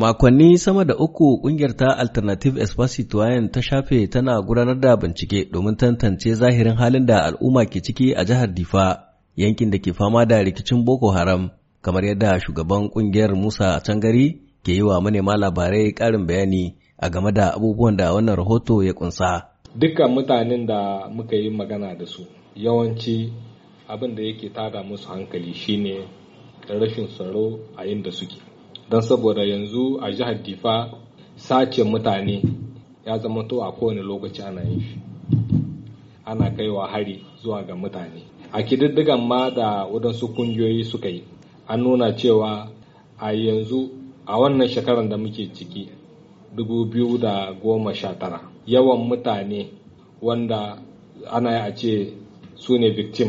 Makonni sama da uku kungiyar ta Alternative Espace ta shafe tana gudanar da bincike domin tantance zahirin halin da al'umma ke ciki a jihar Difa, yankin da ke fama da rikicin Boko Haram, kamar yadda shugaban kungiyar Musa Cangari ke yi wa manema labarai karin bayani a game da abubuwan da wannan rahoto ya kunsa. Dukkan mutanen da muka yi magana da su, yawanci abin da yake tada musu hankali shine rashin tsaro a inda suke. don saboda yanzu a jihar difa sace mutane ya zama to a kowane lokaci ana yin shi ana kaiwa hari zuwa ga mutane a kididdigan ma da wadansu kungiyoyi suka yi an nuna cewa a yanzu a wannan shekarar da muke ciki 2019 yawan mutane wanda ana a ce su ne victim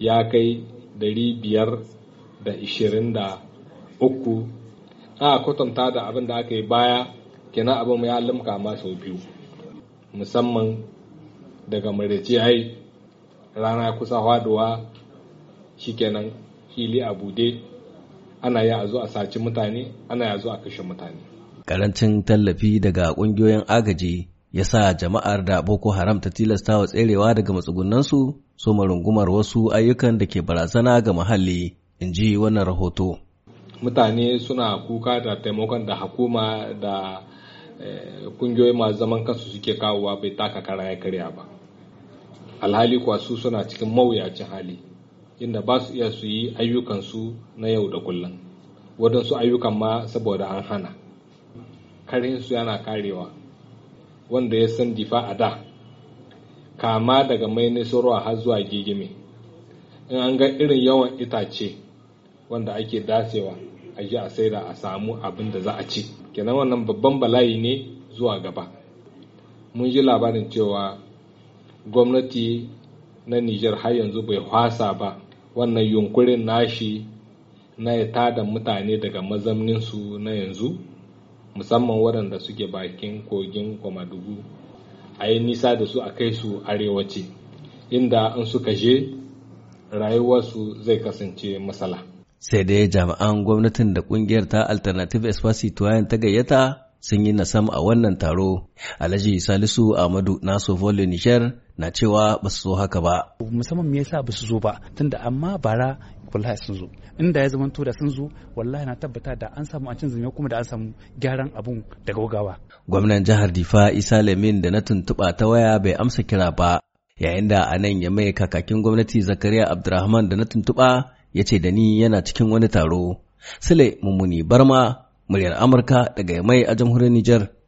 ya kai 523 a kwatanta da abin da aka yi baya kenan abin ya limka ma sau biyu musamman daga maraice ai rana kusa shi kenan fili a bude ana yi a zo a saci mutane ana ya zo a kashe mutane karancin tallafi daga kungiyoyin agaji ya sa jama'ar da boko haram ta tilasta wa tserewa daga matsugunansu su rungumar wasu ayyukan da ke barazana ga muhalli in ji wannan rahoto mutane suna kuka da taimakon da hakuma da eh, kungiyoyi masu zaman kansu suke kawowa bai taka kara ya karya ba alhali kuwa su suna cikin mawuyacin hali inda ba su iya su yi ayyukansu na yau da kullum waɗansu ayyukan ma saboda an hana karinsu yana karewa wanda ya san difa a da kama daga mai nisarwa har zuwa gigime in an ga irin yawan itace wanda ake dasewa a ji a saida a samu abin da za a ci kenan wannan babban bala'i ne zuwa gaba mun ji labarin cewa gwamnati na nijar har yanzu bai hwasa ba wannan yunkurin nashi na ya tada mutane daga mazamninsu na yanzu musamman waɗanda suke bakin kogin kwamadugu a yi nisa da su a kai su arewaci inda in suka je rayuwarsu zai kasance matsala. sai dai jami'an gwamnatin da kungiyar ta alternative espacituayen ta gayyata sun yi nasam a wannan taro alhaji salisu amadu naso volley nishar na cewa ba su zo haka ba musamman me yasa ba su zo ba tunda amma bara wallahi sun zo inda ya zama da sun zo wallahi na tabbata da an samu an cin zume kuma da an samu gyaran abun da gogawa gwamnan jihar difa isa lamin da na tuntuɓa ta waya bai amsa kira ba yayin da anan ya mai kakakin gwamnati zakariya abdurrahman da na tuntuɓa ya ce da ni yana cikin wani taro. Sule Mummuni Barma, muryar Amurka daga mai a jamhuriyar Nijar.